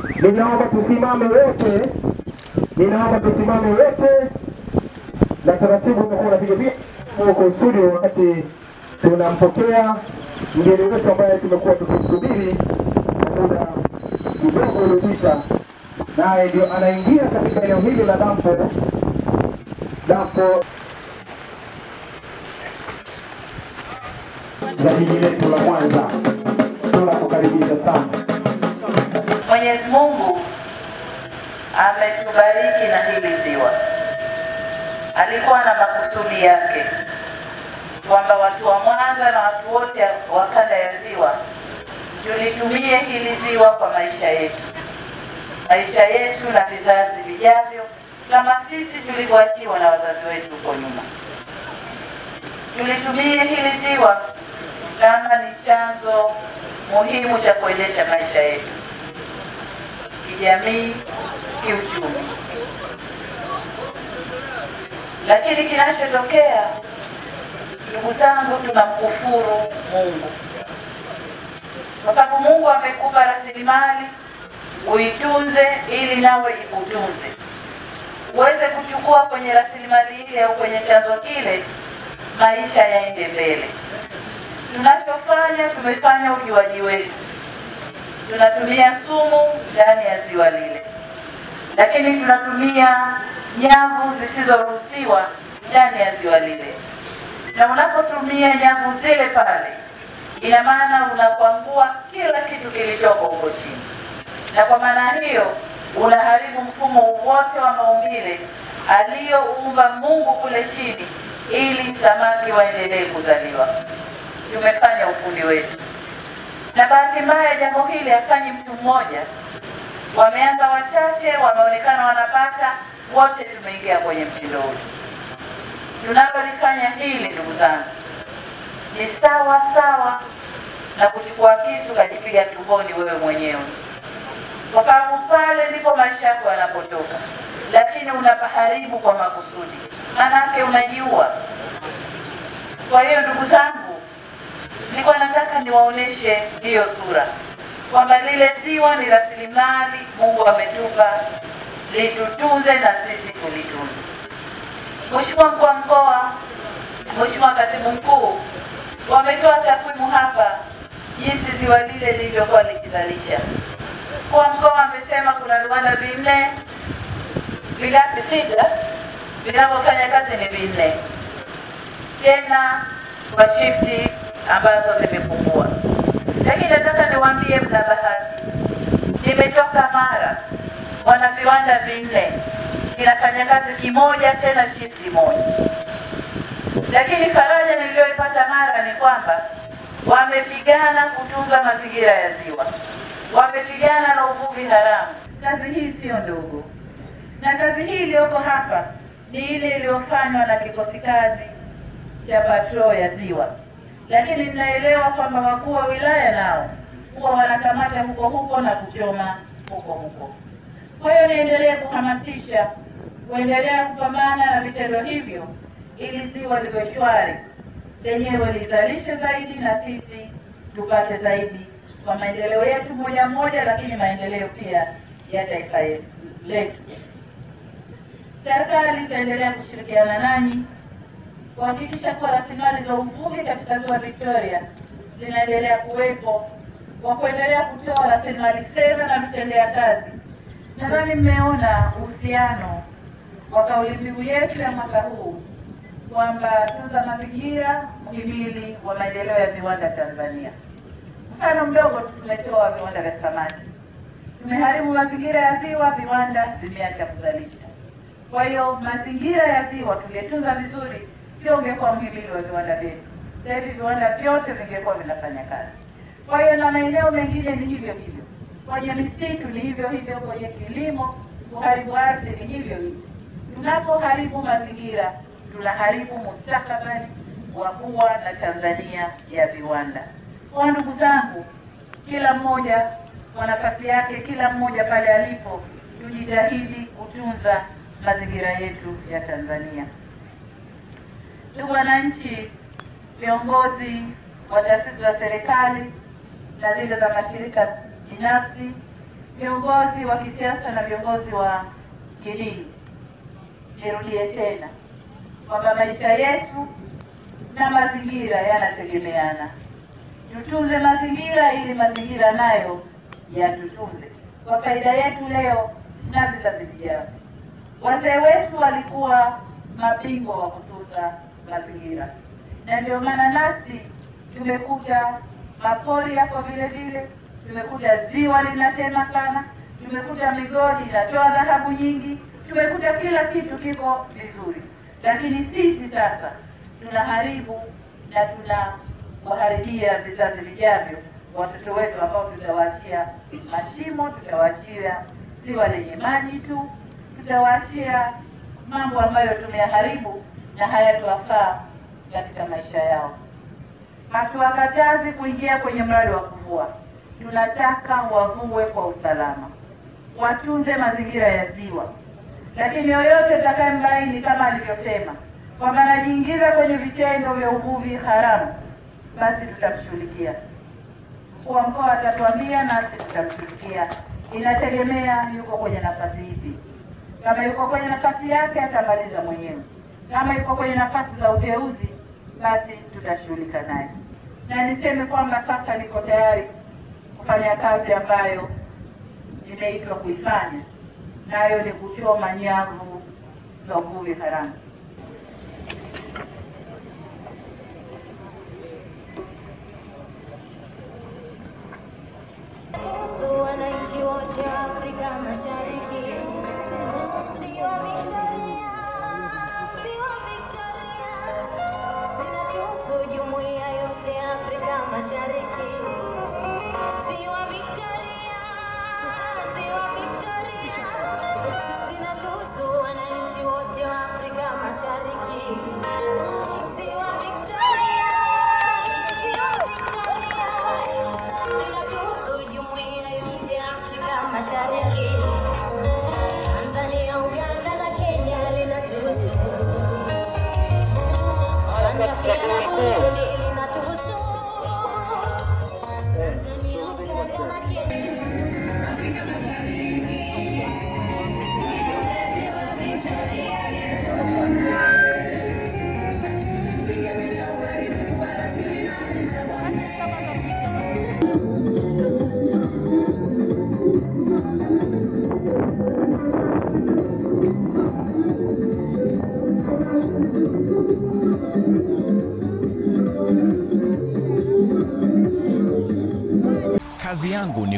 Ninaomba tusimame wote, ninaomba tusimame wote, na taratibu tumekuwa unapiga huko studio wakati tunampokea mgeni wetu ambaye tumekuwa tukimsubiri muda kidogo uliopita, naye ndio anaingia katika eneo hili la dampo dampo la jiji letu la Mwanza. Tunakukaribisha sana. Mwenyezi Mungu ametubariki na hili ziwa. Alikuwa na makusudi yake kwamba watu wa Mwanza na watu wote wa kanda ya ziwa tulitumie hili ziwa kwa maisha yetu, maisha yetu na vizazi vijavyo, kama sisi tulivyoachiwa na wazazi wetu huko nyuma. Tulitumie hili ziwa kama ni chanzo muhimu cha kuendesha maisha yetu kijamii, kiuchumi. Lakini kinachotokea ndugu zangu, tunamkufuru Mungu kwa sababu Mungu amekupa rasilimali uitunze, ili nawe ikutunze, uweze kuchukua kwenye rasilimali ile au kwenye chanzo kile, maisha yaende mbele. Tunachofanya tumefanya ujuaji wetu tunatumia sumu ndani ya ziwa lile, lakini tunatumia nyavu zisizoruhusiwa ndani ya ziwa lile. Na unapotumia nyavu zile pale, ina maana unakwangua kila kitu kilichoko huko chini, na kwa maana hiyo unaharibu mfumo wote wa maumbile aliyoumba Mungu kule chini, ili samaki waendelee kuzaliwa. Tumefanya ufundi wetu na bahati mbaya jambo hili hafanyi mtu mmoja, wameanza wachache, wameonekana wanapata, wote tumeingia kwenye mtindo huu. Tunalolifanya hili ndugu zangu ni sawa sawa na kuchukua kisu kajipiga tumboni wewe mwenyewe, kwa sababu pale ndipo maisha yako yanapotoka, lakini unapaharibu kwa makusudi, manake unajiua. Kwa hiyo ndugu zangu Nilikuwa nataka niwaoneshe hiyo sura kwamba lile ziwa ni rasilimali Mungu ametupa, litutunze na sisi tulitunze. Mheshimiwa mkuu wa mkoa, Mheshimiwa katibu mkuu, wametoa takwimu hapa jinsi ziwa lile lilivyokuwa likizalisha. Mkuu wa mkoa amesema kuna viwanda vinne, vingapi? Sita vinavyofanya kazi ni vinne, tena kwa shifti ambazo zimepungua, lakini nataka niwaambie mna bahati. Nimetoka Mara, wana viwanda vinne, inafanya kazi kimoja tena shifti moja, lakini faraja niliyoipata Mara ni kwamba wamepigana kutunza mazingira ya ziwa, wamepigana na uvuvi haramu. Kazi hii siyo ndogo, na kazi hii iliyoko hapa ni ile iliyofanywa na kikosi kazi cha patrol ya ziwa lakini ninaelewa kwamba wakuu wa wilaya nao huwa wanakamata huko huko na kuchoma huko huko. Kwa hiyo niendelee kuhamasisha kuendelea kupambana na vitendo hivyo ili ziwa liwe shwari, lenyewe lizalishe zaidi na sisi tupate zaidi kwa maendeleo yetu moja moja, lakini maendeleo pia ya taifa letu. Serikali itaendelea kushirikiana nanyi kuhakikisha kuwa rasilimali za uvuvi katika ziwa Victoria zinaendelea kuwepo kwa kuendelea kutoa rasilimali fedha na mtendea kazi. Nadhani mmeona uhusiano wa kauli mbiu yetu ya mwaka huu kwamba tunza mazingira, mhimili wa maendeleo ya viwanda Tanzania. Mfano mdogo tumetoa viwanda vya samaki, tumeharibu mazingira ya ziwa, viwanda vimeacha kuzalisha. Kwa hiyo mazingira ya ziwa tungetunza vizuri sio ungekuwa mhimili wa viwanda vyetu. Sasa hivi viwanda vyote vingekuwa vinafanya kazi. Kwa hiyo na maeneo mengine ni hivyo hivyo, kwenye misitu ni hivyo hivyo, kwenye kilimo, kuharibu ardhi ni hivyo hivyo. Tunapoharibu mazingira, tunaharibu mustakabali wa kuwa na Tanzania ya viwanda. Kwa ndugu zangu, kila mmoja kwa nafasi yake, kila mmoja pale alipo, tujitahidi kutunza mazingira yetu ya Tanzania. Ndugu wananchi, viongozi wa taasisi za serikali na zile za mashirika binafsi, viongozi wa kisiasa na viongozi wa kidini, nirudie tena kwamba maisha yetu na mazingira yanategemeana. Tutunze mazingira ili mazingira nayo yatutunze kwa faida yetu leo na vizazi vijavyo. Wazee wetu walikuwa mabingwa wa kutunza mazingira, na ndio maana nasi tumekuta mapori yako vile vile, tumekuta ziwa linatema sana, tumekuta migodi inatoa dhahabu nyingi, tumekuta kila kitu kiko vizuri, lakini sisi sasa tunaharibu na tuna kuharibia vizazi vijavyo watoto wetu ambao tutawaachia mashimo, tutawaachia ziwa lenye maji tu, tutawaachia mambo ambayo tumeyaharibu na hayatowafaa katika maisha yao. Hatuwakatazi kuingia kwenye mradi wa kuvua, tunataka wavue kwa usalama, watunze mazingira ya ziwa, lakini yoyote atakayembaini kama alivyosema kwamba anajiingiza kwenye vitendo vya uvuvi haramu, basi tutamshughulikia. Mkuu wa mkoa atatuambia, nasi tutamshughulikia. Inategemea yuko kwenye nafasi ipi. Kama yuko kwenye nafasi yake atamaliza mwenyewe kama iko kwenye nafasi za uteuzi, basi tutashughulika naye. Na niseme kwamba sasa niko tayari kufanya kazi ambayo nimeitwa kuifanya, nayo ni kuchoma nyavu za uvuvi haramu. wananchi wote Afrika Mashariki